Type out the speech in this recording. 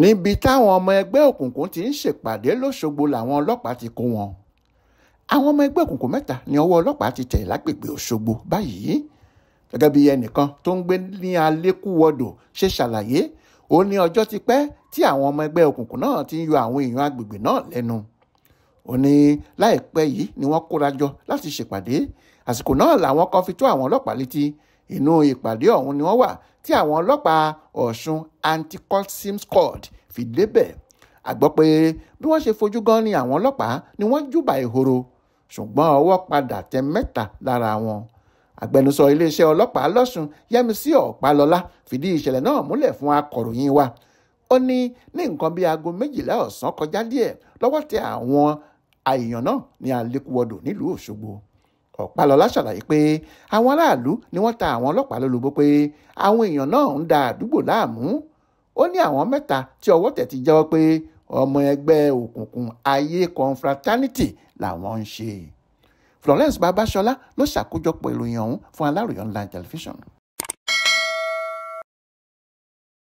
níbi táwọn ọmọ ẹgbẹ́ òkùnkùn ti ń ṣèpàdé lọ́sọ̀gbọ̀ làwọn ọlọ́pàá ti kó wọn àwọn ọmọ ẹgbẹ́ òkùnkùn mẹ́ta ni ọwọ́ ọlọ́pàá ti tẹ̀ lágbègbè Òṣogbo báyìí gẹ́gẹ́ bí ẹnìkan tó ń gbé ní Alékúwọdò ṣe ṣàlàyé ó ní ọjọ́ ti pẹ́ tí àwọn ọmọ ẹgbẹ́ òkùnkùn náà ti ń yọ àwọn èèyàn agbègbè náà lẹ́nu ó ní láìpẹ́ yìí ni wọ́n kóra jọ láti ṣèpàdé àsìkò náà làwọn kan fi tó àwọn ọlọ́pàá létí inú ìpàdé ọ̀hún ni wọ́n wà tí àwọn ọlọ́pàá Ọ̀ṣun anti-cultism squad fi débẹ̀ a gbọ́ pé bí wọ́n ṣe fojú gan ni àwọn ọlọ́pàá ni wọ́n júbà ìhoro ṣùgbọ́n ọwọ́ padà tẹ mẹ́ta lára wọn agbẹnusọ iléeṣẹ́ ọlọ́pàá lọ́sùn yẹ́misí ọ̀pálọ́lá fìdí ìṣẹ̀lẹ̀ náà múlẹ̀ fún akọ̀ròyìn wa ó ní ní nǹkan bíi aago méjìlá ọ̀sán kọjá díẹ̀ lọ́wọ́ tẹ àwọn àìyàn náà ní alẹ́kùwọ́dọ̀ nílùú òṣogbo ọ̀pálọ́lá ṣàlàyé pé àwọn aráàlú ni wọ́n ta àwọn ọlọ́pàá lólobó pé àwọn èèyàn náà ń da àdúgbò láàmú ó ní àwọn mẹ́ta tí ọwọ́ tẹ̀ ti jẹ́wọ́ pé ọmọ ẹgbẹ́ òkùnkùn ayé confraternity làwọn ń ṣe Florence Babasola ló ṣàkójọpọ̀ ìròyìn ọ̀hún fún Aláròyé online television.